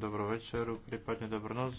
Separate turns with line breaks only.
dobrú večeru, prípadne dobrú noc.